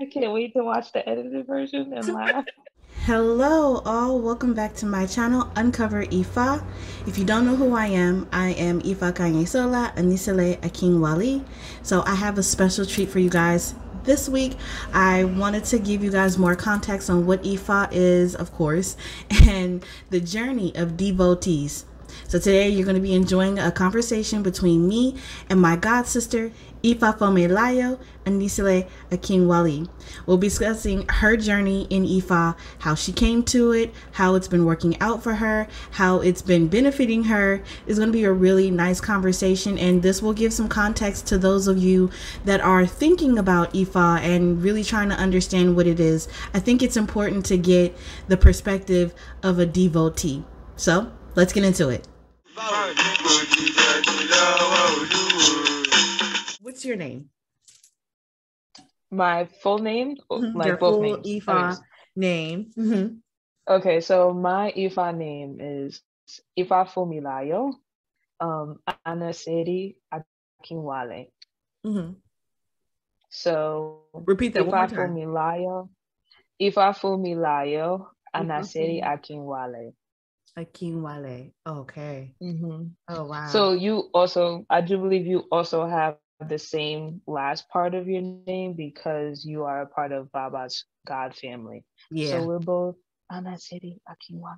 I can't wait to watch the edited version and laugh. Hello, all. Welcome back to my channel, Uncover Ifa. If you don't know who I am, I am Ifa Kanye Sola Anisele Wali. So I have a special treat for you guys this week i wanted to give you guys more context on what ifa is of course and the journey of devotees so today you're going to be enjoying a conversation between me and my god sister Ifafome Layo and Nisile Akinwali. We'll be discussing her journey in Ifa, how she came to it, how it's been working out for her, how it's been benefiting her. It's going to be a really nice conversation, and this will give some context to those of you that are thinking about Ifa and really trying to understand what it is. I think it's important to get the perspective of a devotee. So let's get into it what's your name? My full name, oh, mm-hmm. full names. Ifa name. Mm-hmm. Okay, so my Ifa name is Ifa Fumilayo, um, Ana Seri Akinwale. Mm-hmm. So repeat that Ifa one more time. Fumilayo, Ifa Fumilayo, Ana Seri Akinwale. Akinwale. Okay. Mm-hmm. Oh wow. So you also, I do believe you also have the same last part of your name because you are a part of Baba's God family. Yeah. So we're both City Akinwa.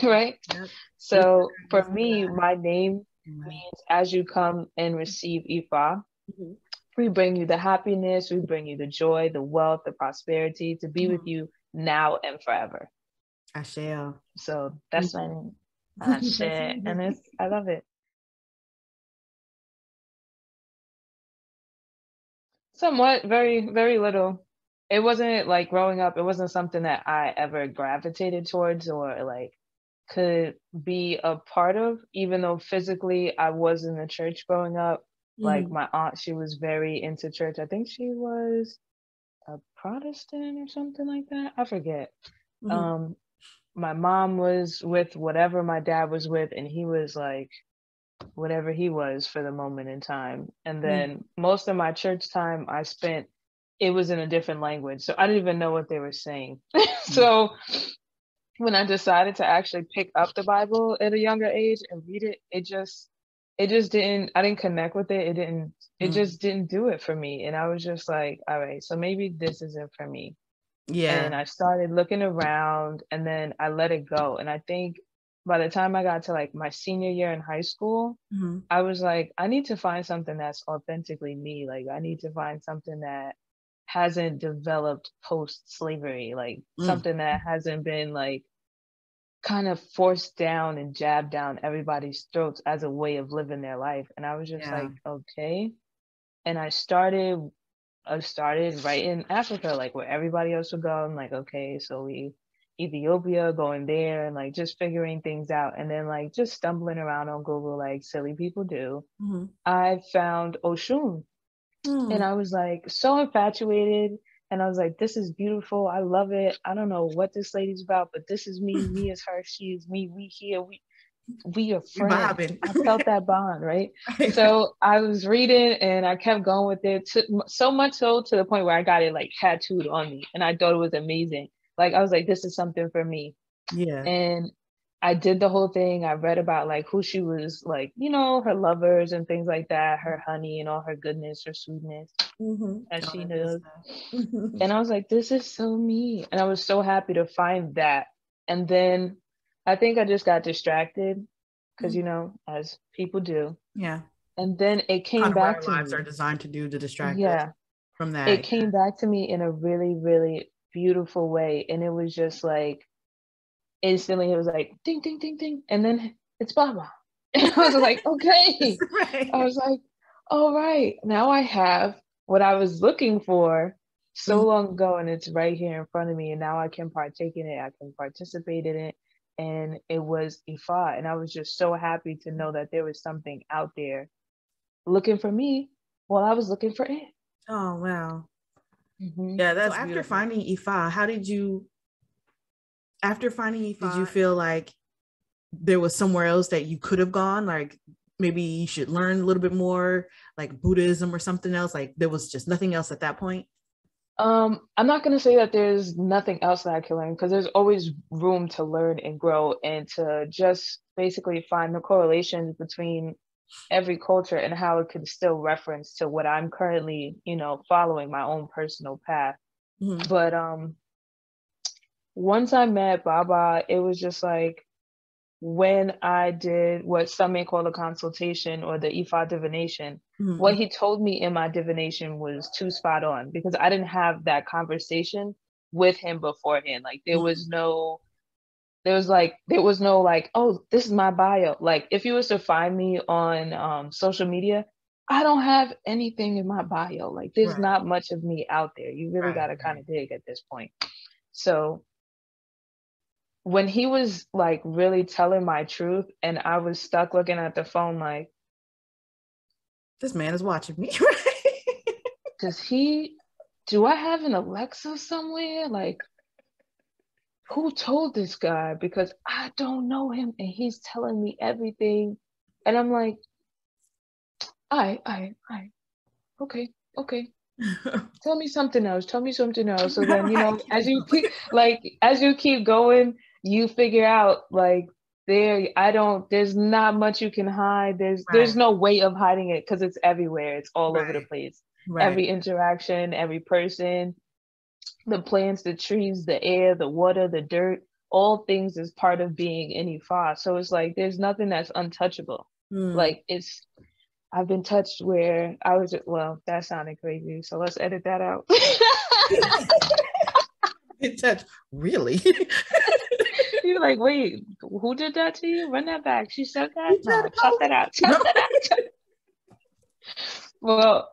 right? Yep. So for me, my name means as you come and receive Ifa, mm-hmm. we bring you the happiness, we bring you the joy, the wealth, the prosperity to be mm-hmm. with you now and forever. Ashe. So mm-hmm. that's my name. Ashe. and it's I love it. Somewhat, very, very little. It wasn't like growing up, it wasn't something that I ever gravitated towards or like could be a part of, even though physically I was in the church growing up. Mm-hmm. Like mm. my aunt, she was very into church. I think she was a Protestant or something like that. I forget. Mm-hmm. Um, my mom was with whatever my dad was with, and he was like whatever he was for the moment in time. And hmm. then mm. most of my church time I spent, it was in a different language. So I didn't even know what they were saying. Hmm. so when I decided to actually pick up the Bible at a younger age and read it, it just, it just didn't, I didn't connect with it. It didn't, it mm. just didn't do it for me. And I was just like, all right, so maybe this isn't for me. Yeah. And I started looking around and then I let it go. And I think by the time I got to like my senior year in high school, mm-hmm. I was like, I need to find something that's authentically me. Like, I need to find something that hasn't developed post slavery, like mm. something that hasn't been like kind of forced down and jabbed down everybody's throats as a way of living their life. And I was just yeah. like, okay. And I started I started right in Africa, like where everybody else would go. I'm like, okay, so we Ethiopia, going there and like just figuring things out and then like just stumbling around on Google like silly people do, mm-hmm. I found Oshun. Mm. And I was like so infatuated. And I was like, this is beautiful. I love it. I don't know what this lady's about, but this is me. me is her. She is me. We here. We we are friends. I felt that bond, right? so I was reading and I kept going with it, to, so much so to the point where I got it like tattooed on me, and I thought it was amazing like I was like, this is something for me. Yeah. And I did the whole thing. I read about like who she was, like, you know, her lovers and things like that, her honey and all her goodness, her sweetness, mm-hmm. as she knows. Mm-hmm. and I was like, this is so me. And I was so happy to find that. And then I think I just got distracted because, mm-hmm. you know, as people do. Yeah. And then it came back our to lives me. are designed to do the distract yeah. from that. It came back to me in a really, really beautiful way. And it was just like instantly it was like ding ding ding ding. And then it's Baba. And I was like, okay. Right. I was like, all right, now I have what I was looking for so mm-hmm. long ago and it's right here in front of me. And now I can partake in it. I can participate in it. And it was Ifa. And I was just so happy to know that there was something out there looking for me while I was looking for it. Oh wow. Mm-hmm. Yeah, that's so after beautiful. finding Ifa, how did you after finding Ifa, did you feel like there was somewhere else that you could have gone? Like maybe you should learn a little bit more, like Buddhism or something else. Like there was just nothing else at that point. Um, I'm not gonna say that there's nothing else that I can learn because there's always room to learn and grow and to just basically find the correlations between every culture and how it can still reference to what I'm currently, you know, following my own personal path. Mm-hmm. But um once I met Baba, it was just like when I did what some may call a consultation or the Ifa divination, mm-hmm. what he told me in my divination was too spot on because I didn't have that conversation with him beforehand. Like there mm-hmm. was no there was like there was no like oh this is my bio like if you was to find me on um, social media i don't have anything in my bio like there's right. not much of me out there you really right. got to kind of dig at this point so when he was like really telling my truth and i was stuck looking at the phone like this man is watching me right does he do i have an alexa somewhere like who told this guy? Because I don't know him and he's telling me everything. And I'm like, I, I, I, okay, okay. tell me something else. Tell me something else. So then, you know, as you keep, like, as you keep going, you figure out like there i don't there's not much you can hide there's right. there's no way of hiding it because it's everywhere it's all right. over the place right. every interaction every person the plants, the trees, the air, the water, the dirt, all things is part of being in Ifa. So it's like there's nothing that's untouchable. Mm. Like it's I've been touched where I was well, that sounded crazy. So let's edit that out. been touched. Really? You're like, wait, who did that to you? Run that back. She said that. No, chop that out. Chop that out. well,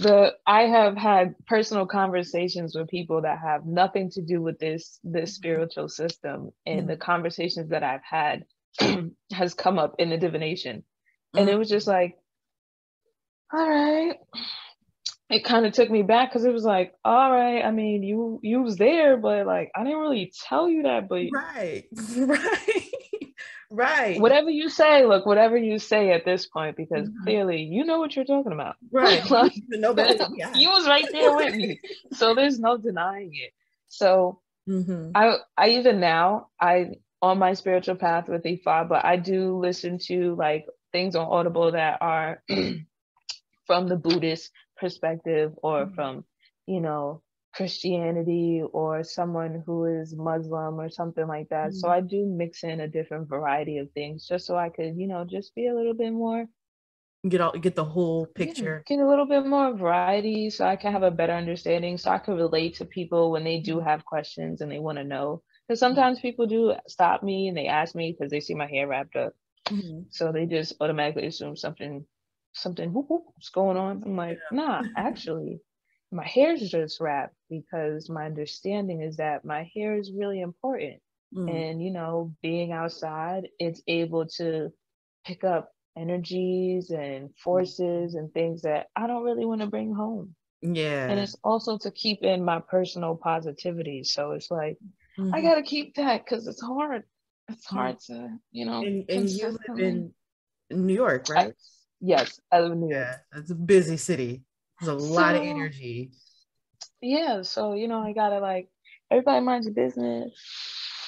the I have had personal conversations with people that have nothing to do with this this mm-hmm. spiritual system, and mm the conversations that I've had has come up in the divination, mm and it mm-hmm. was just like, all right. It kind of took me back because it was like, all right, I mean, you you was there, but like I didn't really tell you that, but right, right. Right. Whatever you say, look, whatever you say at this point, because mm-hmm. clearly you know what you're talking about. Right. like, no better you was right there with me. So there's no denying it. So mm-hmm. I I even now I on my spiritual path with Ifa, but I do listen to like things on Audible that are from the Buddhist perspective or mm-hmm. from, you know, Christianity or someone who is Muslim or something like that. Mm-hmm. So I do mix in a different variety of things just so I could, you know, just be a little bit more get all get the whole picture. Yeah, get a little bit more variety so I can have a better understanding so I can relate to people when they do have questions and they want to know. Because mm-hmm. sometimes people do stop me and they ask me because they see my hair wrapped up. Mm-hmm. So they just automatically assume something something whoop, whoop, what's going on. I'm like, yeah. nah, actually my hair's just wrapped because my understanding is that my hair is really important. Mm. And, you know, being outside, it's able to pick up energies and forces and things that I don't really want to bring home. Yeah. And it's also to keep in my personal positivity. So it's like, mm I mm-hmm. got to keep that because it's hard. It's mm. hard to, you know. And, and you live in New York, right? I, yes, I live in New York. Yeah, it's a busy city. It's a so, lot of energy. Yeah, so you know, I gotta like everybody minds your business.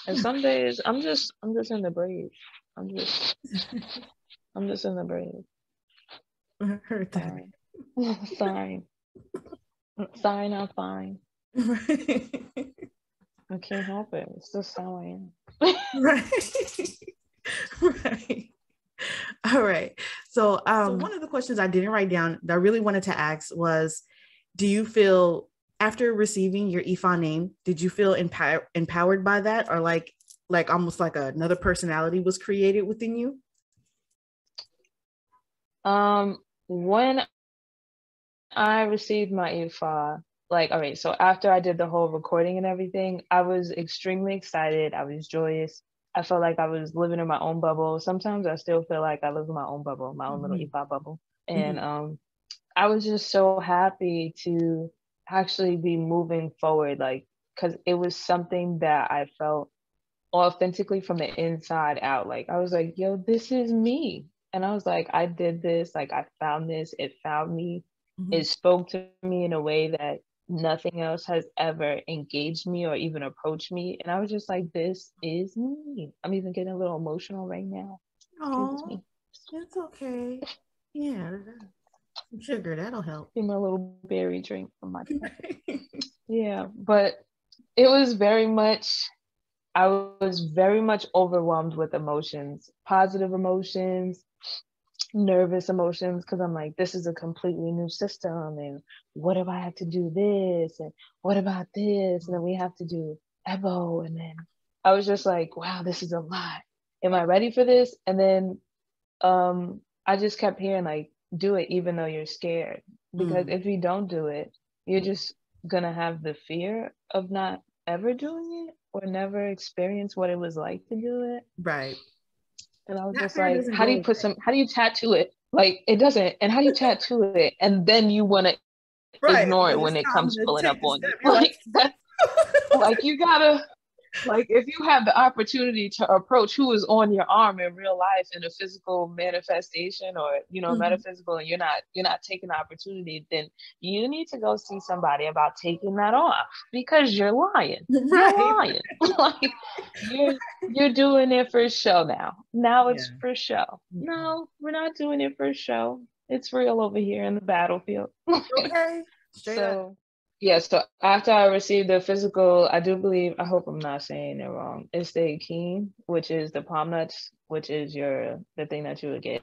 And some days I'm just I'm just in the breeze. I'm just I'm just in the breeze. I heard that. Sorry. Sorry. Sorry, not fine. Right. I can't help it. It's just how I am. right. right. All right. So, um, so one of the questions I didn't write down that I really wanted to ask was, do you feel after receiving your Ifa name, did you feel empower- empowered by that, or like like almost like another personality was created within you? Um, when I received my Ifa, like all right, so after I did the whole recording and everything, I was extremely excited. I was joyous. I felt like I was living in my own bubble. Sometimes I still feel like I live in my own bubble, my own mm-hmm. little EPOP bubble. Mm-hmm. And mm-hmm. um, I was just so happy to actually be moving forward, like, because it was something that I felt authentically from the inside out. Like, I was like, yo, this is me. And I was like, I did this. Like, I found this. It found me. Mm-hmm. It spoke to me in a way that nothing else has ever engaged me or even approached me. And I was just like, this is me. I'm even getting a little emotional right now. Oh, it's okay. Yeah. Sugar, that'll help. In my little berry drink from my Yeah, but it was very much I was very much overwhelmed with emotions, positive emotions, nervous emotions because I'm like, this is a completely new system. And what if I have to do this? And what about this? And then we have to do EBO. And then I was just like, wow, this is a lot. Am I ready for this? And then um, I just kept hearing, like, do it even though you're scared. Because mm. if you don't do it, you're just going to have the fear of not ever doing it or never experience what it was like to do it. Right. And I was just like, how do you put some, how do you tattoo it? Like, it doesn't. And how do you tattoo it? And then you want right. to ignore it when it comes pulling up on you. Like, like, that's, like, you gotta, like if you have the opportunity to approach who is on your arm in real life in a physical manifestation or you know mm-hmm. metaphysical and you're not you're not taking the opportunity then you need to go see somebody about taking that off because you're lying you're lying like you're you're doing it for show now now it's yeah. for show mm-hmm. no we're not doing it for show it's real over here in the battlefield okay Straight so, up yeah, so after I received the physical, I do believe, I hope I'm not saying it wrong, it's the key, which is the palm nuts, which is your the thing that you would get.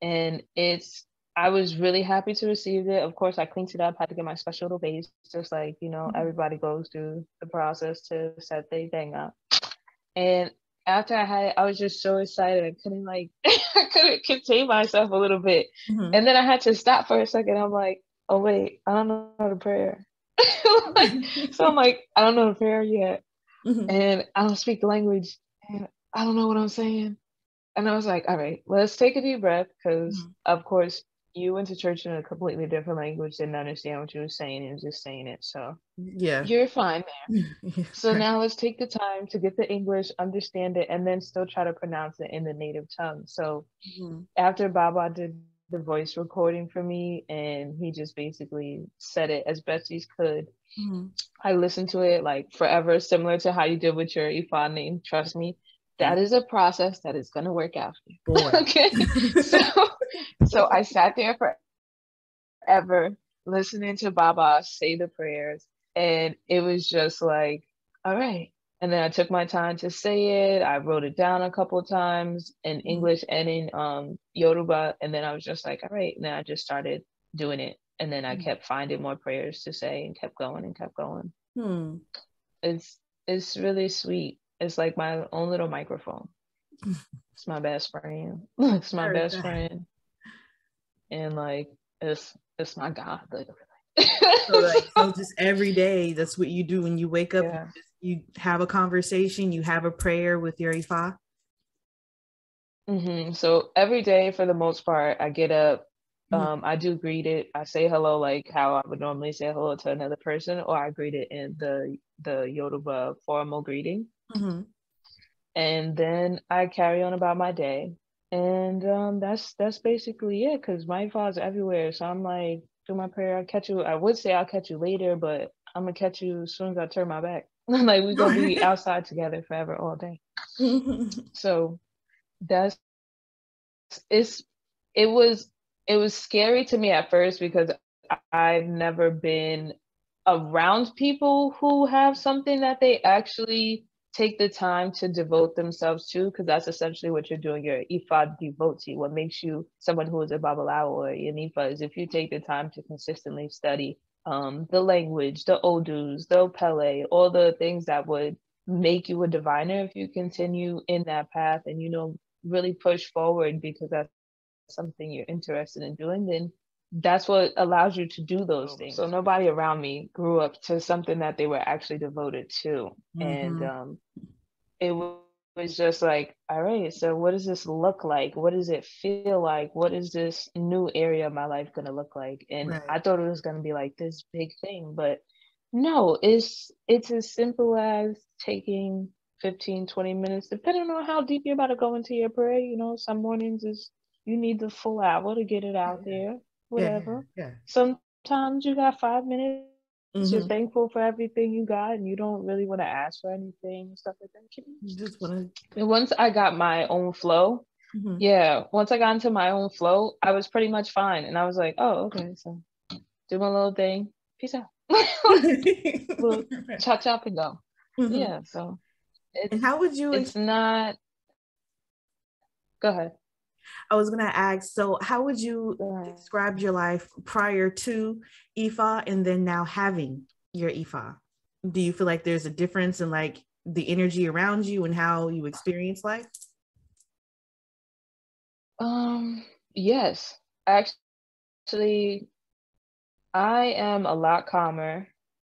And it's I was really happy to receive it. Of course I cleaned it up, had to get my special little base, just like, you know, mm-hmm. everybody goes through the process to set their thing up. And after I had it, I was just so excited. I couldn't like I couldn't contain myself a little bit. Mm-hmm. And then I had to stop for a second. I'm like, oh wait, I don't know the prayer. like, so I'm like, I don't know the prayer yet. Mm-hmm. And I don't speak the language and I don't know what I'm saying. And I was like, all right, let's take a deep breath because, mm-hmm. of course, you went to church in a completely different language, didn't understand what you were saying, and just saying it. So, yeah, you're fine there. so, right. now let's take the time to get the English, understand it, and then still try to pronounce it in the native tongue. So, mm-hmm. after Baba did the voice recording for me and he just basically said it as best he could. Mm-hmm. I listened to it like forever, similar to how you did with your Ifan name. Trust me, that is a process that is going to work out. okay. so, so I sat there forever listening to Baba say the prayers and it was just like, all right, and then I took my time to say it. I wrote it down a couple of times in mm-hmm. English and in um, Yoruba. And then I was just like, all right. And then I just started doing it. And then I mm-hmm. kept finding more prayers to say and kept going and kept going. Hmm. It's it's really sweet. It's like my own little microphone. it's my best friend. it's my best friend. And like it's it's my God so, like, so, just every day, that's what you do when you wake up. Yeah. You, just, you, have a conversation. You have a prayer with your ifa. Mm-hmm. So every day, for the most part, I get up. Mm-hmm. Um, I do greet it. I say hello, like how I would normally say hello to another person, or I greet it in the the Yoruba formal greeting. Mm-hmm. And then I carry on about my day, and um, that's that's basically it. Because my ifa is everywhere, so I'm like through my prayer. I'll catch you. I would say I'll catch you later, but I'm gonna catch you as soon as I turn my back. like we're gonna be outside together forever all day. so that's it's it was it was scary to me at first because I've never been around people who have something that they actually take the time to devote themselves to, because that's essentially what you're doing. Your ifad devotee. What makes you someone who is a babalawo or an ifa is if you take the time to consistently study um, the language, the odus, the pele, all the things that would make you a diviner if you continue in that path and you know really push forward because that's something you're interested in doing, then that's what allows you to do those oh, things. So nobody around me grew up to something that they were actually devoted to, mm-hmm. and um, it was just like, all right, so what does this look like? What does it feel like? What is this new area of my life going to look like? And right. I thought it was going to be like this big thing, but no, it's it's as simple as taking 15, 20 minutes, depending on how deep you're about to go into your prayer. You know, some mornings is you need the full hour to get it out there whatever. Yeah, yeah. Sometimes you got five minutes. Mm-hmm. You're thankful for everything you got, and you don't really want to ask for anything, stuff like that. You just want to. once I got my own flow, mm-hmm. yeah. Once I got into my own flow, I was pretty much fine, and I was like, oh, okay, so do my little thing, peace out, cha and go. Mm-hmm. Yeah. So. It's, and how would you? It's not. Go ahead. I was gonna ask, so how would you yeah. describe your life prior to IFA and then now having your IFA? Do you feel like there's a difference in like the energy around you and how you experience life? Um, yes. Actually, I am a lot calmer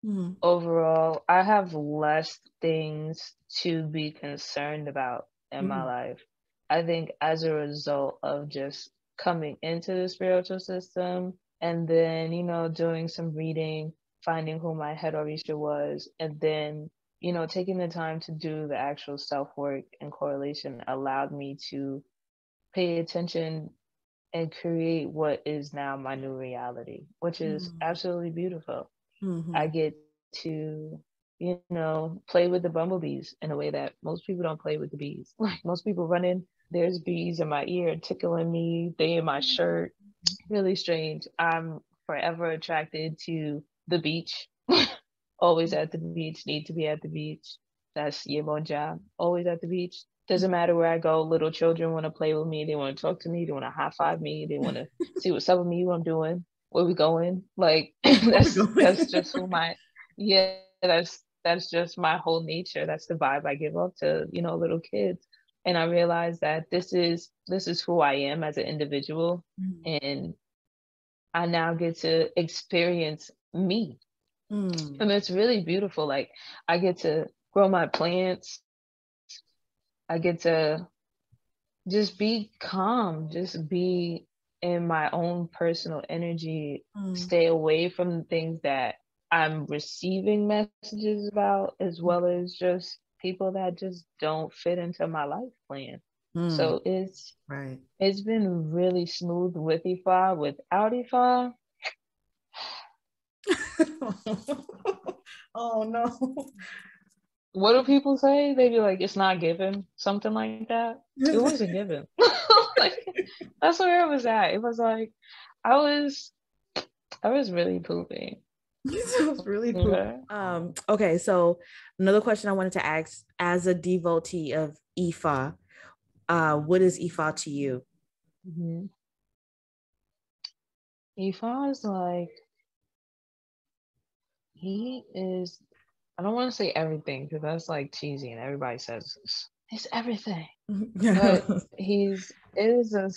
mm-hmm. overall. I have less things to be concerned about in mm-hmm. my life. I think as a result of just coming into the spiritual system and then, you know, doing some reading, finding who my head orisha was, and then, you know, taking the time to do the actual self work and correlation allowed me to pay attention and create what is now my new reality, which is mm-hmm. absolutely beautiful. Mm-hmm. I get to you know, play with the bumblebees in a way that most people don't play with the bees. Like most people run in, there's bees in my ear tickling me. They in my shirt. Really strange. I'm forever attracted to the beach. Always at the beach. Need to be at the beach. That's Yemonja. Always at the beach. Doesn't matter where I go. Little children want to play with me. They want to talk to me. They want to high five me. They want to see what's up with me. What I'm doing. Where we going? Like that's that's just who my yeah. That's that's just my whole nature. That's the vibe I give off to you know little kids and i realized that this is this is who i am as an individual mm. and i now get to experience me mm. and it's really beautiful like i get to grow my plants i get to just be calm just be in my own personal energy mm. stay away from the things that i'm receiving messages about as mm. well as just people that just don't fit into my life plan. Mm. So it's right. It's been really smooth with Ifa. Without Ifa, oh no. What do people say? They be like, it's not given, something like that. It wasn't given. like, that's where it was at. It was like, I was, I was really pooping. I was really pooping. Yeah. Um, okay, so Another question I wanted to ask as a devotee of Ifa, uh, what is Ifa to you? Mm-hmm. Ifa is like, he is, I don't want to say everything because that's like cheesy and everybody says this. He's everything. but he's, is a,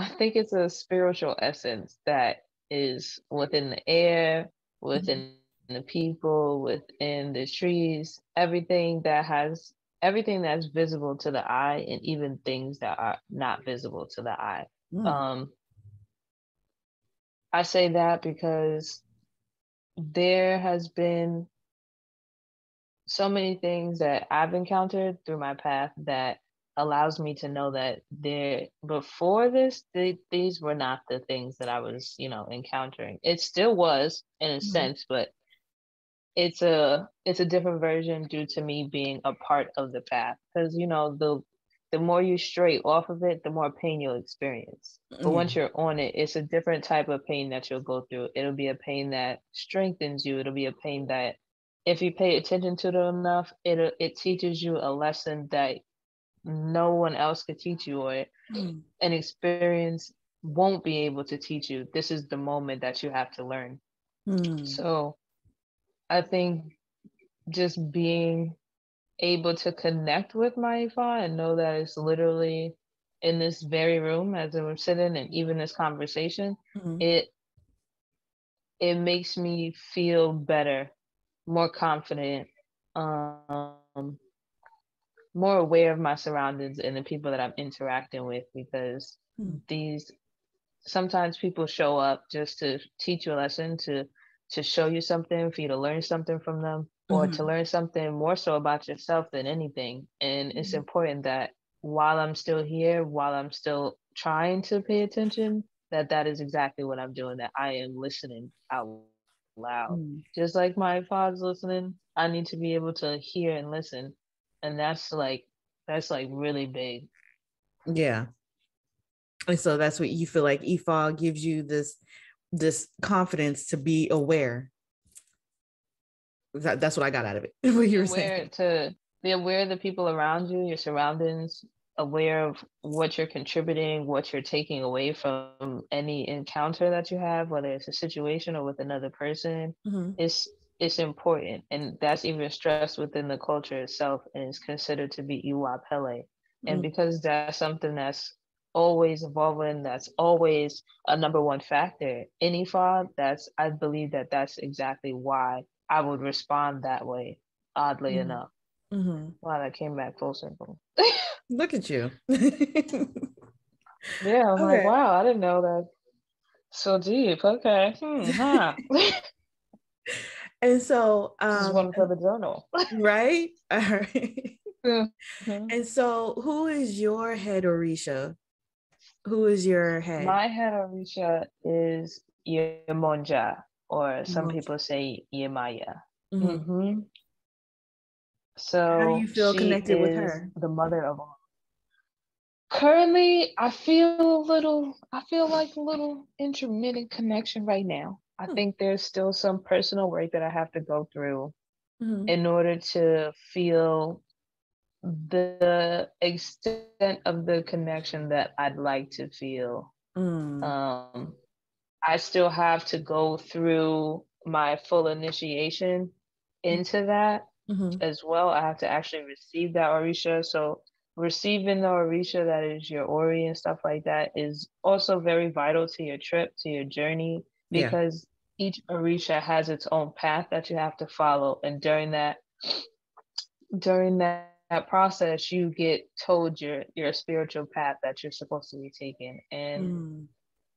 I think it's a spiritual essence that is within the air, within mm-hmm the people within the trees, everything that has everything that's visible to the eye, and even things that are not visible to the eye. Mm. Um, I say that because there has been so many things that I've encountered through my path that allows me to know that there before this these were not the things that I was you know encountering it still was in a mm-hmm. sense but it's a it's a different version due to me being a part of the path because you know the the more you stray off of it the more pain you'll experience mm. but mm-hmm. once you're on it it's a different type of pain that you'll go through it'll be a pain that strengthens you it'll be a pain that if you pay attention to it enough it it teaches you a lesson that no one else could teach you or mm. an experience won't be able to teach you this is the moment that you have to learn mm. so I think just being able to connect with Maifa and know that it's literally in this very room as we're sitting and even this conversation, mm-hmm. it it makes me feel better, more confident, um, more aware of my surroundings and the people that I'm interacting with because mm-hmm. these sometimes people show up just to teach you a lesson to to show you something, for you to learn something from them, or mm-hmm. to learn something more so about yourself than anything. And it's mm-hmm. important that while I'm still here, while I'm still trying to pay attention, that that is exactly what I'm doing, that I am listening out loud. Mm-hmm. Just like my father's listening, I need to be able to hear and listen. And that's like, that's like really big. Yeah. And so that's what you feel like EFOG gives you this this confidence to be aware. That, that's what I got out of it. what you were aware saying. to be aware of the people around you, your surroundings, aware of what you're contributing, what you're taking away from any encounter that you have, whether it's a situation or with another person, mm-hmm. it's it's important. And that's even stressed within the culture itself and is considered to be Iwa Pele. And mm-hmm. because that's something that's always evolving. That's always a number one factor. Any fog, that's I believe that that's exactly why I would respond that way. Oddly mm-hmm. enough, mm-hmm. wow, that came back full circle. Look at you. yeah, I'm okay. like, wow, I didn't know that. So deep. Okay. Hmm, huh. and so, um, this is one um, for the journal, right? All right. Mm-hmm. And so, who is your head Orisha? Who is your head? My head orisha is Yemonja, or some people say Yemaya. Mm-hmm. Mm-hmm. So how do you feel connected with her? The mother of all. Currently, I feel a little. I feel like a little intermittent connection right now. I hmm. think there's still some personal work that I have to go through mm-hmm. in order to feel the extent of the connection that I'd like to feel. Mm. Um, I still have to go through my full initiation into that mm-hmm. as well. I have to actually receive that Orisha. So receiving the Orisha that is your Ori and stuff like that is also very vital to your trip, to your journey, because yeah. each Orisha has its own path that you have to follow. And during that, during that that process you get told your your spiritual path that you're supposed to be taking and mm.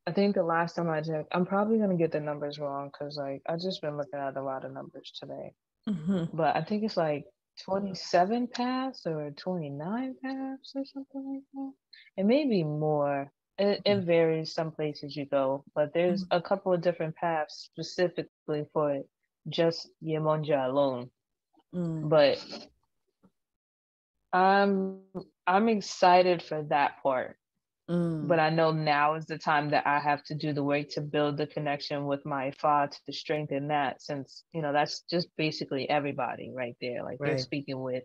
i think the last time i checked i'm probably going to get the numbers wrong because like i've just been looking at a lot of numbers today mm-hmm. but i think it's like 27 paths or 29 paths or something like that it may be more it, it varies some places you go but there's mm-hmm. a couple of different paths specifically for just yemonja alone mm. but um, I'm excited for that part. Mm. But I know now is the time that I have to do the work to build the connection with my father to strengthen that since, you know, that's just basically everybody right there. Like right. they're speaking with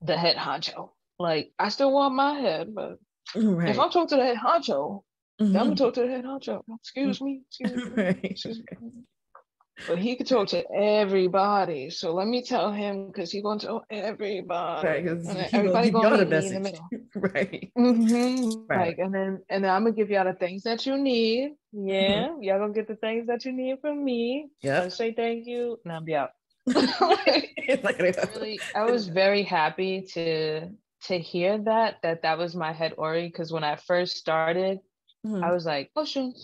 the head honcho. Like I still want my head, but mm, right. if I'm talking to the head honcho, mm-hmm. I'm gonna talk to the head honcho. Excuse mm. me. Excuse me. Right. Excuse me but he could talk to everybody. So let me tell him because he going to tell everybody. Right, everybody going to meet message. me in the middle. right. Mm-hmm. right. Like, and then and then I'm gonna give y'all the things that you need. Mm-hmm. Yeah, mm-hmm. y'all gonna get the things that you need from me. Yeah. Say thank you, and I'll be out. really, I was very happy to to hear that that that was my head ori because when I first started, mm-hmm. I was like, oh shoot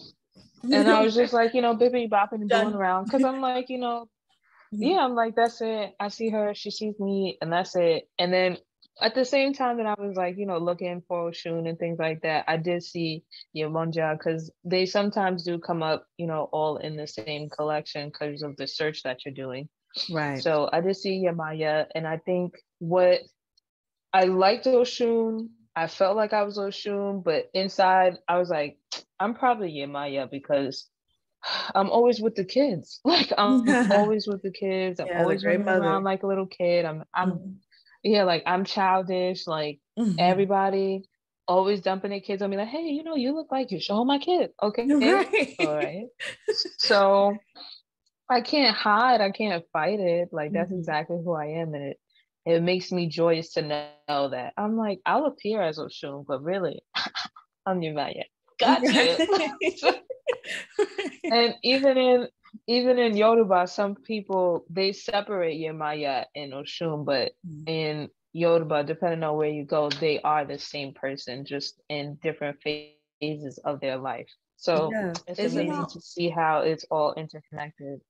and I was just like, you know, bippity bopping and going around because I'm like, you know, mm-hmm. yeah, I'm like, that's it. I see her, she sees me, and that's it. And then at the same time that I was like, you know, looking for Oshun and things like that, I did see Yemonja because they sometimes do come up, you know, all in the same collection because of the search that you're doing. Right. So I did see Yamaya, and I think what I liked Oshun, I felt like I was Oshun, but inside I was like, I'm probably Yemaya because I'm always with the kids. Like I'm always with the kids. I'm yeah, always running around like a little kid. I'm I'm mm-hmm. yeah, like I'm childish. Like mm-hmm. everybody always dumping their kids on me. Like, hey, you know, you look like you. Show my kid, okay? Right. All right. so I can't hide. I can't fight it. Like that's mm-hmm. exactly who I am, and it it makes me joyous to know that I'm like I'll appear as Oshun, but really I'm Yemaya got you. and even in even in Yoruba, some people they separate Yemaya and Oshun, but mm-hmm. in Yoruba, depending on where you go, they are the same person, just in different phases of their life. So yeah. it's amazing it to see how it's all interconnected.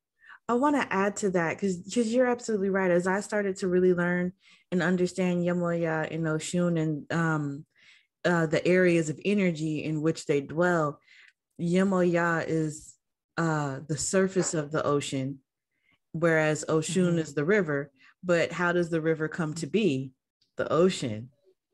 I want to add to that because because you're absolutely right. As I started to really learn and understand Yemoya and Oshun and um, uh, the areas of energy in which they dwell. Yemoya is uh, the surface of the ocean, whereas Oshun mm-hmm. is the river. But how does the river come to be? The ocean,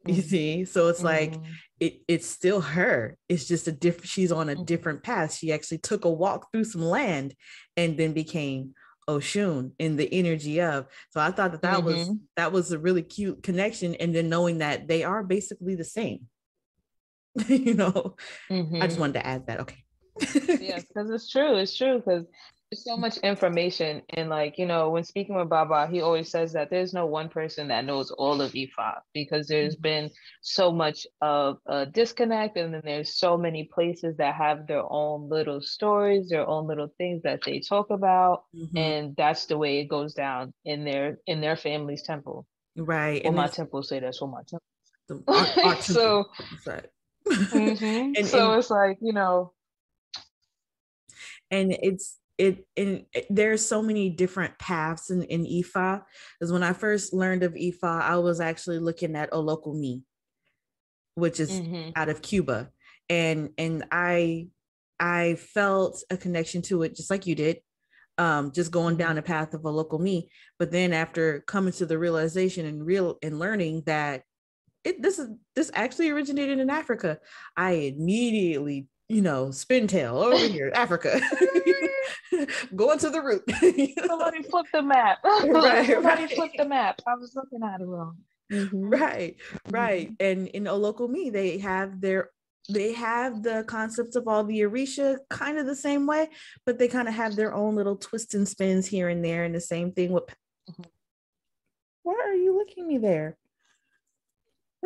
mm-hmm. you see? So it's mm-hmm. like it, it's still her. It's just a different, she's on a mm-hmm. different path. She actually took a walk through some land and then became Oshun in the energy of. So I thought that that was mm-hmm. that was a really cute connection. And then knowing that they are basically the same. you know mm-hmm. i just mm-hmm. wanted to add that okay yes because it's true it's true because there's so much information and like you know when speaking with baba he always says that there's no one person that knows all of ifa because there's mm-hmm. been so much of a disconnect and then there's so many places that have their own little stories their own little things that they talk about mm-hmm. and that's the way it goes down in their in their family's temple right well, my temple say that's what my temple our, so right. Mm-hmm. and, so and, it's like, you know. And it's it and there's so many different paths in, in Ifa. Because when I first learned of Ifa, I was actually looking at a local me, which is mm-hmm. out of Cuba. And and I I felt a connection to it just like you did. Um, just going mm-hmm. down the path of a local me. But then after coming to the realization and real and learning that it, this is this actually originated in Africa. I immediately, you know, spin tail over here, Africa. Going to the root. Somebody flipped the map. Right, Somebody right. flipped the map. I was looking at it wrong. Mm-hmm. mm-hmm. Right, right. Mm-hmm. And in a local, Me, they have their they have the concepts of all the Orisha kind of the same way, but they kind of have their own little twists and spins here and there. And the same thing with mm-hmm. why are you looking me there?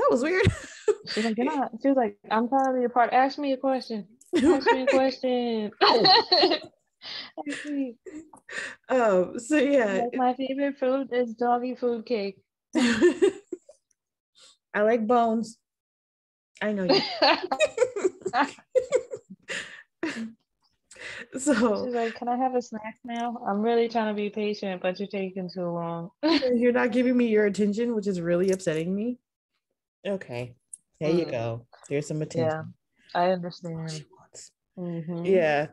that was weird. She's like, not, she was like, I'm telling you part. Ask me a question. Ask me a question. Um, so yeah. Like my favorite food is doggy food cake. I like bones. I know you. so she's like, Can I have a snack now? I'm really trying to be patient, but you're taking too long. you're not giving me your attention, which is really upsetting me. Okay. There mm. you go. There's some attention. Yeah. I understand. Mm-hmm. Yeah.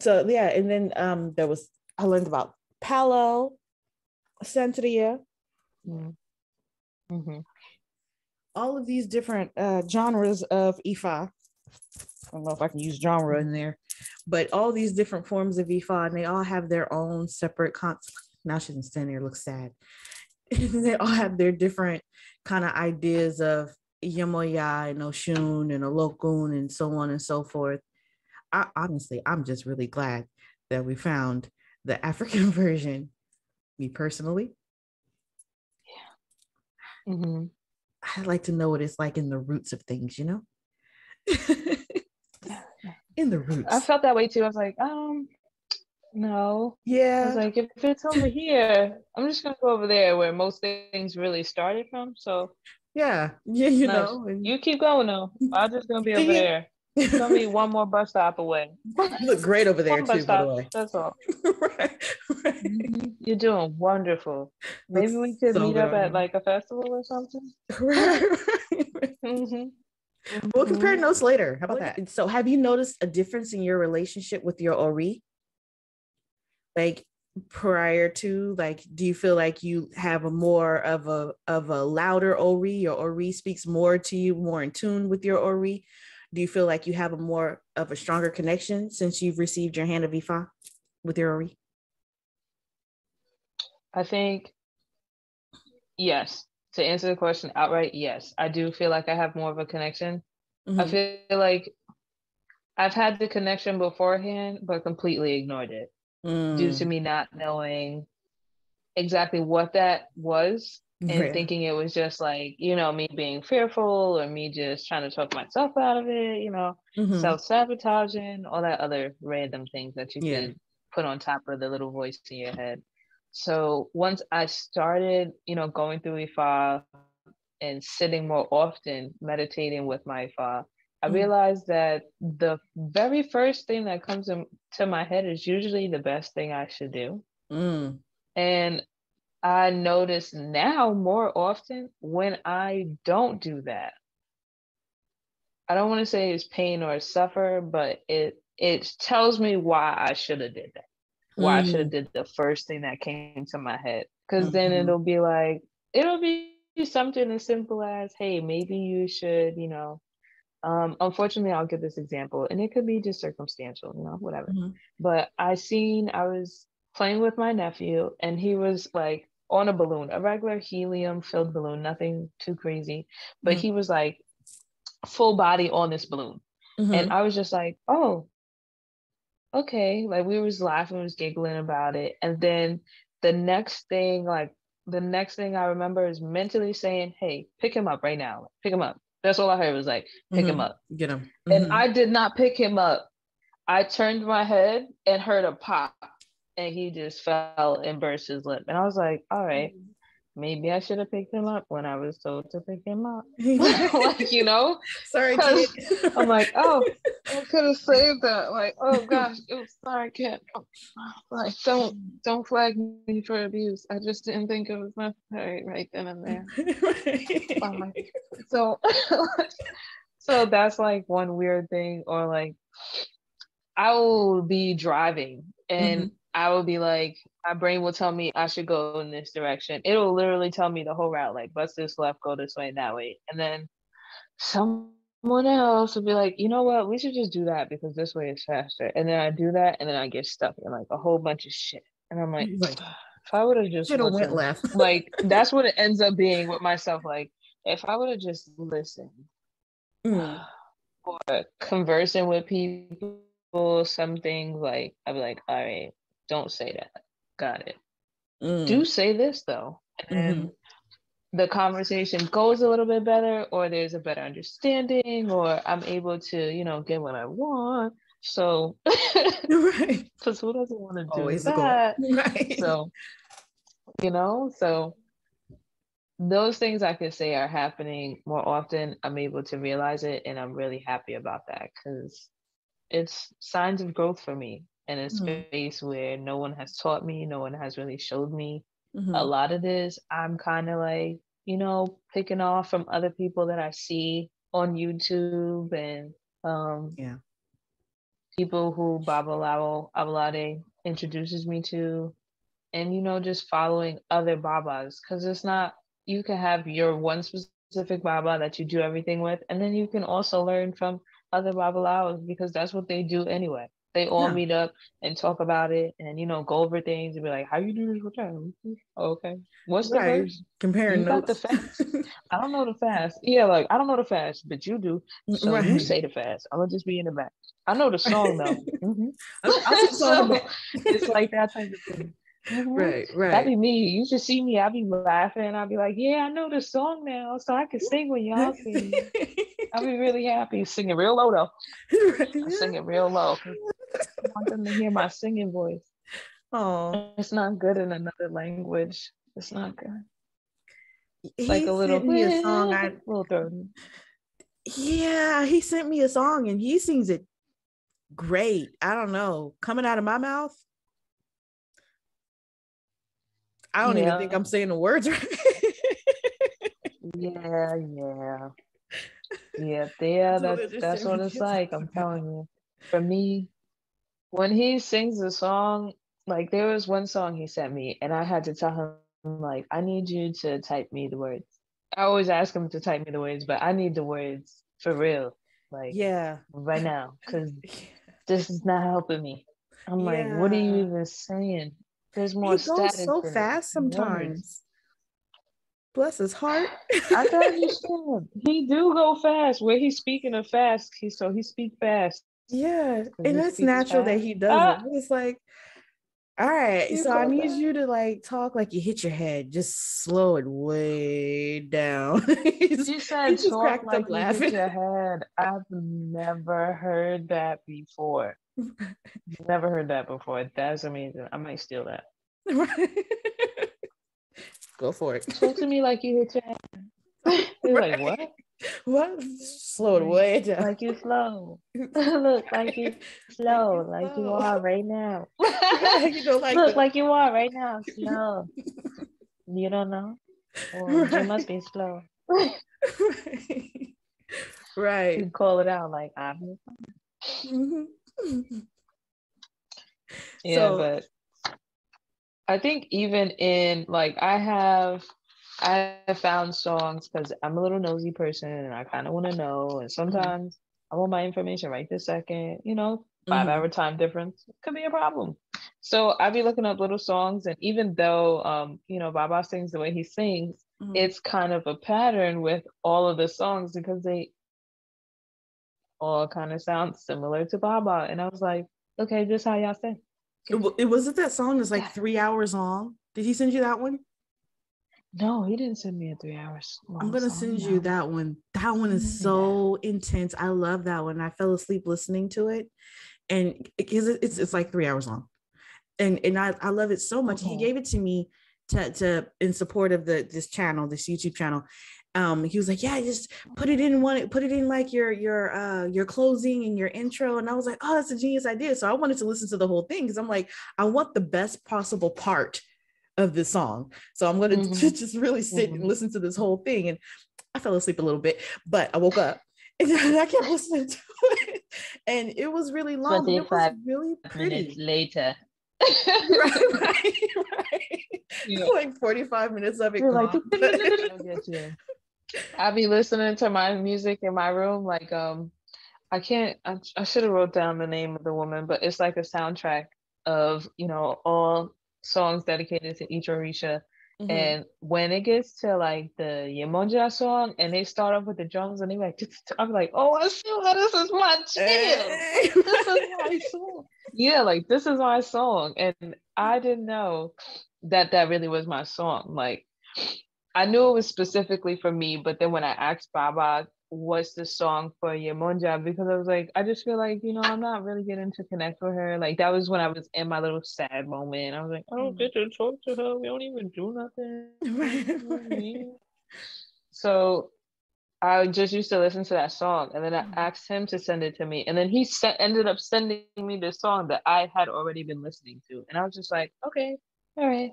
So yeah, and then um there was I learned about Palo, Santeria. Mm. Mm-hmm. All of these different uh, genres of Ifa. I don't know if I can use genre in there, but all these different forms of Ifa, and they all have their own separate con. Now she's standing stand there, look sad. they all have their different kind of ideas of Yemoya and Oshun and Olokun and so on and so forth. I honestly, I'm just really glad that we found the African version. Me personally, yeah. Mm-hmm. I like to know what it's like in the roots of things, you know. in the roots. I felt that way too. I was like, um, no. Yeah. I was like, if it's over here, I'm just gonna go over there where most things really started from. So Yeah. Yeah, you know. You keep going though. I'm just gonna be over there. It's gonna be one more bus stop away. You look great over there one too, by the way. That's all. right, right. Mm-hmm. You're doing wonderful. Maybe That's we could so meet up at like a festival or something. right, right. right. Mm-hmm. We'll compare mm-hmm. notes later. How about that? So, have you noticed a difference in your relationship with your Ori like prior to like do you feel like you have a more of a of a louder ori your ori speaks more to you more in tune with your ori do you feel like you have a more of a stronger connection since you've received your hand of ifa with your ori i think yes to answer the question outright yes i do feel like i have more of a connection mm-hmm. i feel like i've had the connection beforehand but completely ignored it due to mm. me not knowing exactly what that was and really? thinking it was just like you know me being fearful or me just trying to talk myself out of it you know mm-hmm. self-sabotaging all that other random things that you yeah. can put on top of the little voice in your head so once i started you know going through ifa and sitting more often meditating with my ifa I mm. realized that the very first thing that comes in, to my head is usually the best thing I should do. Mm. And I notice now more often when I don't do that. I don't want to say it's pain or suffer, but it it tells me why I should have did that. Why mm. I should have did the first thing that came to my head. because mm-hmm. then it'll be like it'll be something as simple as, hey, maybe you should, you know, um, unfortunately, I'll give this example, and it could be just circumstantial, you know, whatever. Mm-hmm. But I seen I was playing with my nephew, and he was like on a balloon, a regular helium-filled balloon, nothing too crazy, but mm-hmm. he was like full body on this balloon, mm-hmm. and I was just like, oh, okay. Like we was laughing, we was giggling about it, and then the next thing, like the next thing I remember is mentally saying, hey, pick him up right now, pick him up that's all I heard was like, pick mm-hmm. him up. Get him. Mm-hmm. And I did not pick him up. I turned my head and heard a pop and he just fell and burst his lip. And I was like, all right. Mm-hmm maybe I should have picked him up when I was told to pick him up. like, you know? Sorry, I'm like, oh, I could have saved that. Like, oh gosh, oops, sorry, kid. not oh, like, don't don't flag me for abuse. I just didn't think it was necessary right then and there. right. So so that's like one weird thing, or like I will be driving and mm-hmm I will be like, my brain will tell me I should go in this direction. It'll literally tell me the whole route, like, bust this left, go this way, and that way. And then someone else will be like, you know what, we should just do that because this way is faster. And then I do that, and then I get stuck in like a whole bunch of shit. And I'm like, if I would have just went left, like that's what it ends up being with myself. Like, if I would have just listened mm. or conversing with people, some things like I'd be like, all right, don't say that. Got it. Mm. Do say this though. And mm-hmm. the conversation goes a little bit better, or there's a better understanding, or I'm able to, you know, get what I want. So, right. Because who doesn't want to do Always that? Right. So, you know, so those things I could say are happening more often. I'm able to realize it, and I'm really happy about that because it's signs of growth for me in a mm-hmm. space mm-hmm. where no one has taught me, no one has really showed me mm-hmm. a lot of this. I'm kind of like, you know, picking off from other people that I see on YouTube and um, yeah, people who Bob Abalade introduces me to, and you know, just following other Babas because it's not you can have your one specific Baba that you do everything with, and then you can also learn from other Babalaos because that's what they do anyway they all yeah. meet up and talk about it and you know go over things and be like, how you do this with them Okay, what's the verse? Comparing you notes. Got the fast. I don't know the fast. Yeah, like I don't know the fast, but you do. So right. you say the fast. I'm gonna just be in the back. I know the song though. mm-hmm. so it's like that type of thing. Mm-hmm. Right, right. That'd be me. You should see me. I'd be laughing. I'd be like, yeah, I know the song now, so I can sing when y'all sing. I'd be really happy singing real low though. Right. I real low. I want them to hear my singing voice. Oh, it's not good in another language. It's not good. It's like a little me a song. I, little Yeah, he sent me a song and he sings it great. I don't know, coming out of my mouth. I don't yeah. even think I'm saying the words right. yeah, yeah. Yeah, yeah, that's that's what it's like. I'm telling you. For me, when he sings the song, like there was one song he sent me, and I had to tell him, like, I need you to type me the words. I always ask him to type me the words, but I need the words for real. Like yeah, right now. Cause this is not helping me. I'm yeah. like, what are you even saying? There's more. It goes so fast sometimes. Bless his heart. I thought you said he do go fast. Where he's speaking of fast, he so he speak fast. Yeah, and it's natural fast. that he does ah. it. It's like, all right, so I need you to like talk like you hit your head. Just slow it way down. you said he just talk cracked like up laughing. You hit your head. I've never heard that before. Never heard that before. That's amazing. I might steal that. Go for it. Talk to me like you hit your hand. You're right. like, what? What? Slow it way down. Like you slow. Look like you slow, like you, are right now. you like Look the- like you are right now. Slow. you don't know? right. you must be slow. right. You call it out like I'm. Mm-hmm. yeah, so, but I think even in like I have I have found songs because I'm a little nosy person and I kind of want to know. And mm-hmm. sometimes mm-hmm. I want my information right this second. You know, 5 mm-hmm. hour time difference could be a problem. So I'd be looking up little songs, and even though um, you know Baba sings the way he sings, mm-hmm. it's kind of a pattern with all of the songs because they all kind of sounds similar to Baba. And I was like, okay, just how y'all say. It, wasn't that song that's like yeah. three hours long. Did he send you that one? No, he didn't send me a three hours. I'm gonna song, send no. you that one. That one is so yeah. intense. I love that one. I fell asleep listening to it, and because it, it's it's like three hours long, and and I I love it so much. Okay. He gave it to me to to in support of the this channel, this YouTube channel, um, he was like, yeah, just put it in one, put it in like your your uh, your closing and your intro. And I was like, oh, that's a genius idea. So I wanted to listen to the whole thing because I'm like, I want the best possible part of this song. So I'm gonna mm-hmm. just really sit mm-hmm. and listen to this whole thing. And I fell asleep a little bit, but I woke up and I kept listening to it. And it was really long. 25 it was really pretty. later. right, right, right. Yeah. Like 45 minutes of it. Like, I be listening to my music in my room. Like, um, I can't. I, I should have wrote down the name of the woman, but it's like a soundtrack of you know all songs dedicated to each Orisha. Mm-hmm. And when it gets to like the Yemonja song and they start off with the drums and they like, I'm like, oh, I feel that this is my jam. this is my song. Yeah, like this is my song. And I didn't know that that really was my song. Like, I knew it was specifically for me, but then when I asked Baba what's the song for Yemonja, because I was like, I just feel like, you know, I'm not really getting to connect with her. Like that was when I was in my little sad moment. I was like, oh, mm-hmm. I don't get to talk to her. We don't even do nothing. So I just used to listen to that song, and then I mm-hmm. asked him to send it to me, and then he ended up sending me the song that I had already been listening to, and I was just like, okay, all right,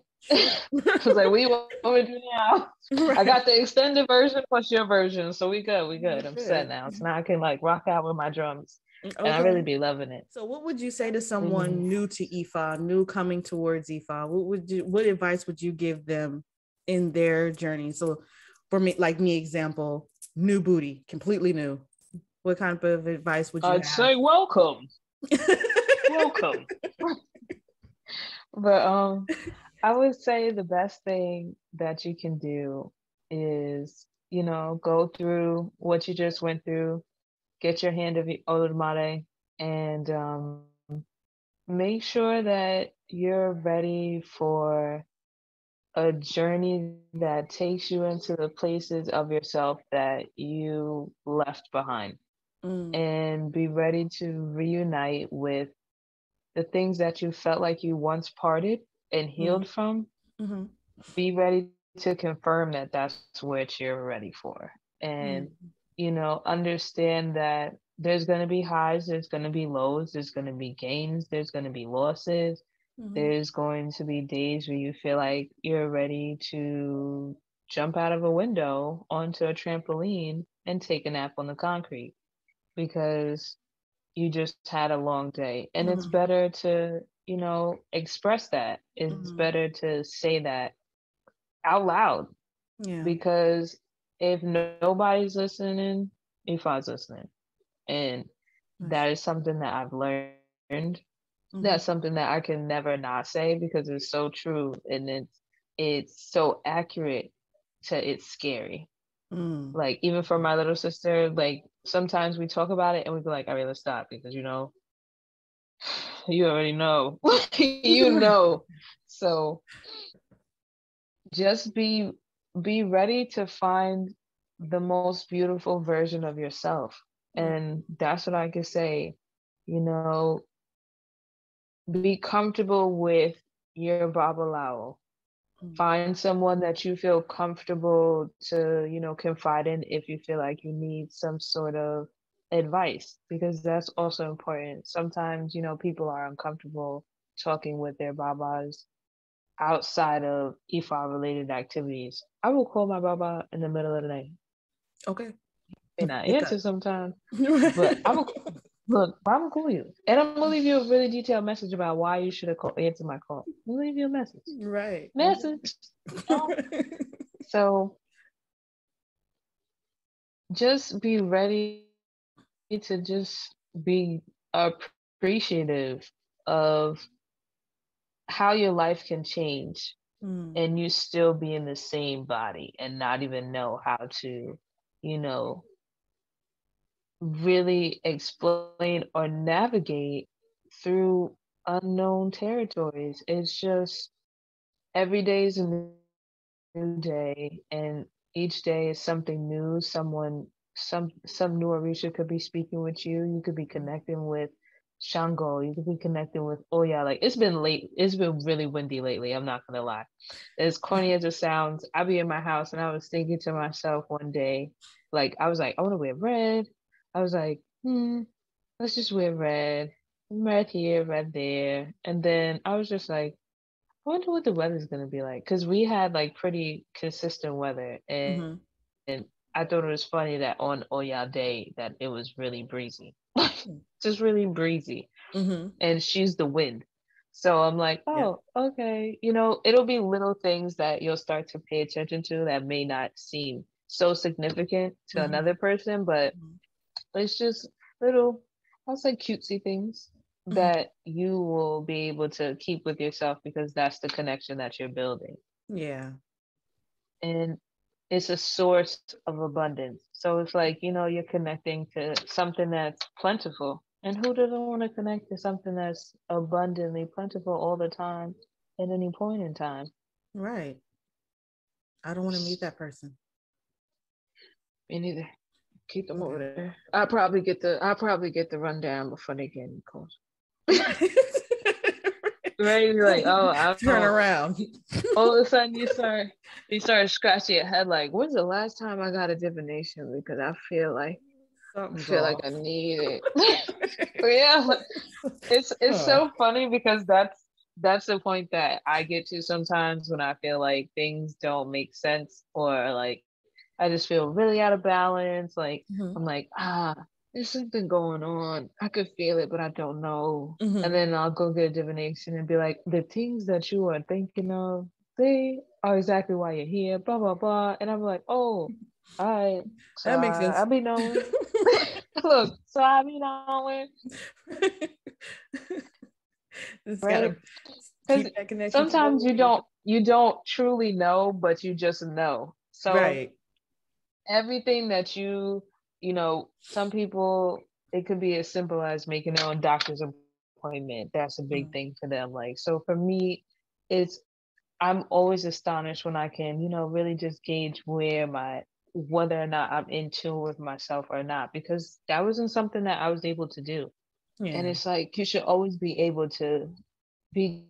because like we what we do now. Right. I got the extended version plus your version, so we good. We good. I'm set now. So now I can like rock out with my drums, okay. and I really be loving it. So, what would you say to someone mm-hmm. new to EFA, new coming towards EFA? What would you? What advice would you give them in their journey? So, for me, like me, example, new booty, completely new. What kind of advice would you? I'd have? say welcome. welcome. but um I would say the best thing that you can do is, you know, go through what you just went through, get your hand of Olodumare, and um, make sure that you're ready for a journey that takes you into the places of yourself that you left behind mm. and be ready to reunite with the things that you felt like you once parted and healed mm-hmm. from, mm-hmm. be ready to confirm that that's what you're ready for. And, mm-hmm. you know, understand that there's going to be highs, there's going to be lows, there's going to be gains, there's going to be losses. Mm-hmm. There's going to be days where you feel like you're ready to jump out of a window onto a trampoline and take a nap on the concrete because you just had a long day and mm-hmm. it's better to you know, express that. It's mm-hmm. better to say that out loud. Yeah. Because if nobody's listening, if Ifa's listening. And that is something that I've learned. Mm-hmm. That's something that I can never not say because it's so true and it's it's so accurate to it's scary. Mm. Like even for my little sister, like sometimes we talk about it and we would be like, all right, let's stop because you know you already know. you know. So just be be ready to find the most beautiful version of yourself. And that's what I could say. You know, be comfortable with your babalao. Mm. Find someone that you feel comfortable to, you know, confide in if you feel like you need some sort of advice because that's also important. Sometimes, you know, people are uncomfortable talking with their babas outside of ifa related activities. I will call my baba in the middle of the night. Okay. And I answer sometimes. but I'm look, I'm gonna call you. And I'm gonna leave you a really detailed message about why you should have called answer my call. i leave you a message. Right. Message. so just be ready to just be appreciative of how your life can change mm. and you still be in the same body and not even know how to, you know, really explain or navigate through unknown territories. It's just every day is a new day, and each day is something new, someone some some new Orisha could be speaking with you. You could be connecting with Shango. You could be connecting with oh yeah. Like it's been late. It's been really windy lately. I'm not gonna lie. As corny as it sounds, I be in my house and I was thinking to myself one day, like I was like, I want to wear red. I was like, hmm, let's just wear red. Red here, red there. And then I was just like, I wonder what the weather's gonna be like. Cause we had like pretty consistent weather and mm-hmm. and I thought it was funny that on Oya Day that it was really breezy, hmm. just really breezy, mm-hmm. and she's the wind. So I'm like, oh, yeah. okay. You know, it'll be little things that you'll start to pay attention to that may not seem so significant to mm-hmm. another person, but mm-hmm. it's just little, I'll say cutesy things mm-hmm. that you will be able to keep with yourself because that's the connection that you're building. Yeah. And it's a source of abundance. So it's like, you know, you're connecting to something that's plentiful. And who doesn't want to connect to something that's abundantly plentiful all the time at any point in time? Right. I don't want to meet that person. Me neither. Keep them over there. I'll probably get the I'll probably get the rundown before they get any the right? You're like, oh, I'll turn around. All of a sudden, you start you start scratching your head, like, when's the last time I got a divination? Because I feel like Something's I feel off. like I need it. yeah, it's it's huh. so funny because that's that's the point that I get to sometimes when I feel like things don't make sense or like I just feel really out of balance. Like mm-hmm. I'm like ah there's something going on. I could feel it, but I don't know. Mm-hmm. And then I'll go get a divination and be like, the things that you are thinking of, they are exactly why you're here, blah, blah, blah. And I'm like, oh, all right. So that makes sense. I'll be knowing. Look, so I'll be knowing. right? Sometimes you don't you don't truly know, but you just know. So right. everything that you you know, some people it could be as simple as making their own doctor's appointment. That's a big mm-hmm. thing for them. Like so for me, it's I'm always astonished when I can, you know, really just gauge where my whether or not I'm in tune with myself or not, because that wasn't something that I was able to do. Yeah. And it's like you should always be able to be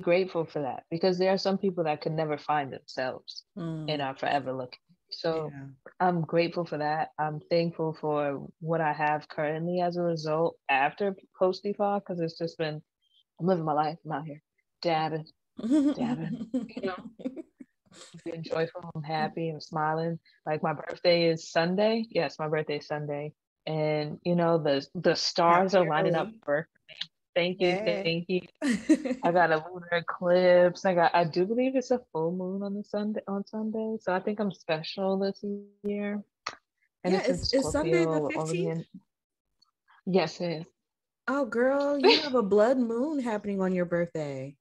grateful for that because there are some people that could never find themselves mm. and are forever looking. So yeah. I'm grateful for that. I'm thankful for what I have currently as a result after post default because it's just been I'm living my life. I'm out here dabbing, dabbing. you know, being joyful. I'm happy. I'm smiling. Like my birthday is Sunday. Yes, my birthday is Sunday, and you know the the stars are lining up for me. Thank you, thank you. I got a lunar eclipse. I got. I do believe it's a full moon on the Sunday on Sunday, so I think I'm special this year. And yeah, it's, it's Sunday the fifteenth. Yes, it is. Oh, girl, you have a blood moon happening on your birthday.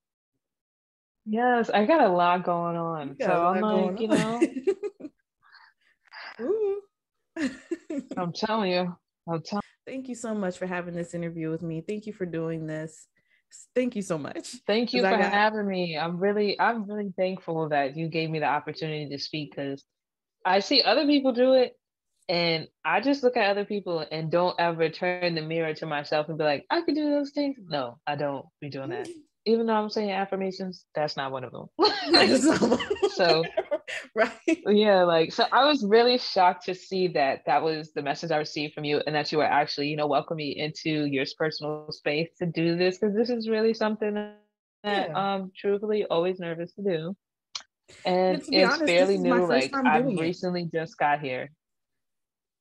Yes, I got a lot going on. So I'm like, you know. I'm telling you. I'm telling thank you so much for having this interview with me. Thank you for doing this. Thank you so much. Thank you for got- having me. I'm really, I'm really thankful that you gave me the opportunity to speak because I see other people do it and I just look at other people and don't ever turn the mirror to myself and be like, I could do those things. No, I don't be doing that. Even though I'm saying affirmations, that's not one of them. so right? Yeah, like so I was really shocked to see that that was the message I received from you and that you were actually, you know, welcoming me into your personal space to do this because this is really something that yeah. I'm um, truthfully always nervous to do. And to it's honest, fairly new. Like I recently it. just got here.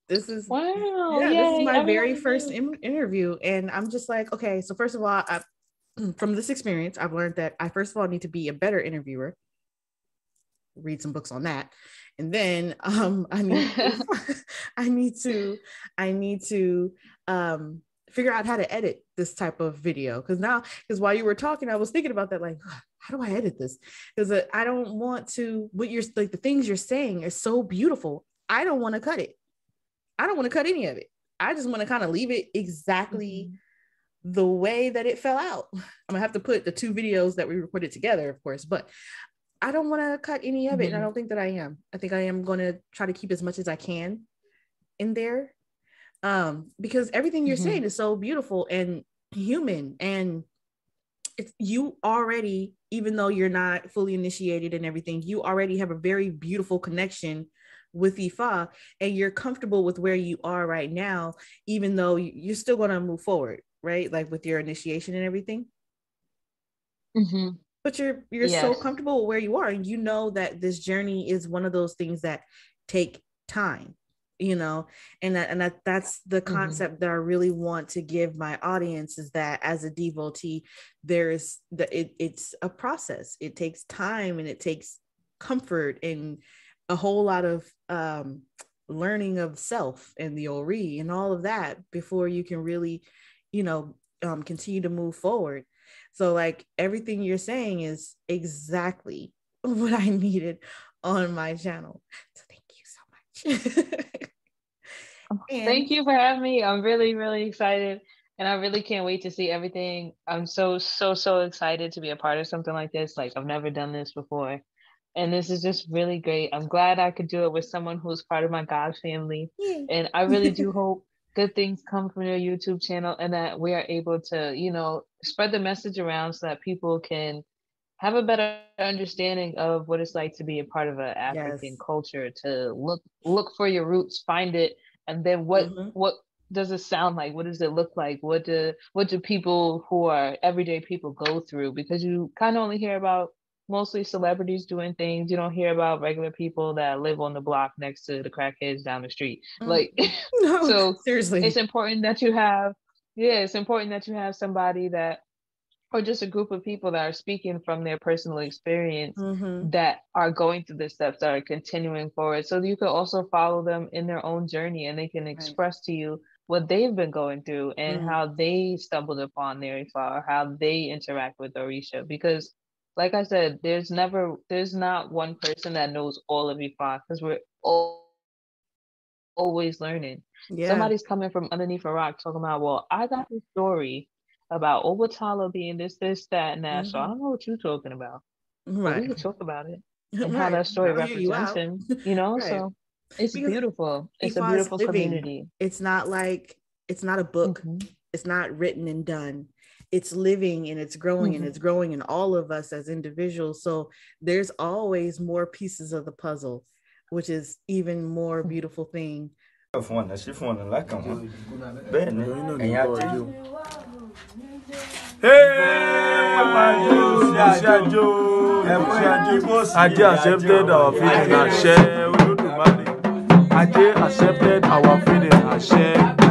This is wow. Yeah, this is my I very first in- interview. And I'm just like, okay, so first of all, I, from this experience, I've learned that I first of all need to be a better interviewer read some books on that and then um, i need i need to i need to um, figure out how to edit this type of video because now because while you were talking i was thinking about that like how do i edit this because uh, i don't want to what you're like the things you're saying are so beautiful i don't want to cut it i don't want to cut any of it i just want to kind of leave it exactly mm-hmm. the way that it fell out i'm gonna have to put the two videos that we recorded together of course but I don't want to cut any of it. Mm-hmm. And I mm-hmm. don't think that I am. I think I am going to try to keep as much as I can in there um, because everything you're mm-hmm. saying is so beautiful and human. And it's you already, even though you're not fully initiated and everything, you already have a very beautiful connection with Ifa and you're comfortable with where you are right now, even though you're still going to move forward, right? Like with your initiation and everything. Mm-hmm but you're you're yes. so comfortable where you are and you know that this journey is one of those things that take time you know and that, and that that's the mm-hmm. concept mm-hmm. that i really want to give my audience is that as a devotee there is that it, it's a process it takes time and it takes comfort and a whole lot of um, learning of self and the ori and all of that before you can really you know um, continue to move forward so, like, everything you're saying is exactly what I needed on my channel. So, thank you so much. Oh, and- thank you for having me. I'm really, really excited. And I really can't wait to see everything. I'm so, so, so excited to be a part of something like this. Like, I've never done this before and this is just really great. I'm glad I could do it with someone who's part of my God family. And I really do hope good things come from your YouTube channel and that we are able to, you know, spread the message around so that people can have a better understanding of what it's like to be a part of an African yes. culture, to look look for your roots, find it, and then what mm-hmm. what does it sound like? What does it look like? What do what do people who are everyday people go through? Because you kind of only hear about mostly celebrities doing things. You don't hear about regular people that live on the block next to the crackheads down the street. Mm. Like, mm-hmm. no, so seriously, it's important that you have, yeah, it's important that you have somebody that, or just a group of people that are speaking from their personal experience mm-hmm. that are going through the steps that are continuing forward. So you can also follow them in their own journey and they can express right. to you what they've been going through and mm-hmm. how they stumbled upon their far, how they interact with Orisha because like I said, there's never, there's not one person that knows all of UFA because we're all, always learning. Yeah. Somebody's coming from underneath a rock talking about, well, I got this story about Obatala being this, this, that, and that. Mm-hmm. So I don't know what you're talking about. Right. But we can talk about it and right. how that story how represents you him. You know, right. so it's because beautiful. It's a beautiful community. It's not like it's not a book. Mm-hmm. It's not written and done it's living and it's growing mm-hmm. and it's mm-hmm. growing in all of us as individuals. So there's always more pieces of the puzzle, which is even more mm. beautiful thing. Fuana, she fuana lá, calma. Bem, né? Hey, Madu, Shadu, Ajé accepted our feeling. and share. Olódùmarè. Ajé accepted our feeling. and share.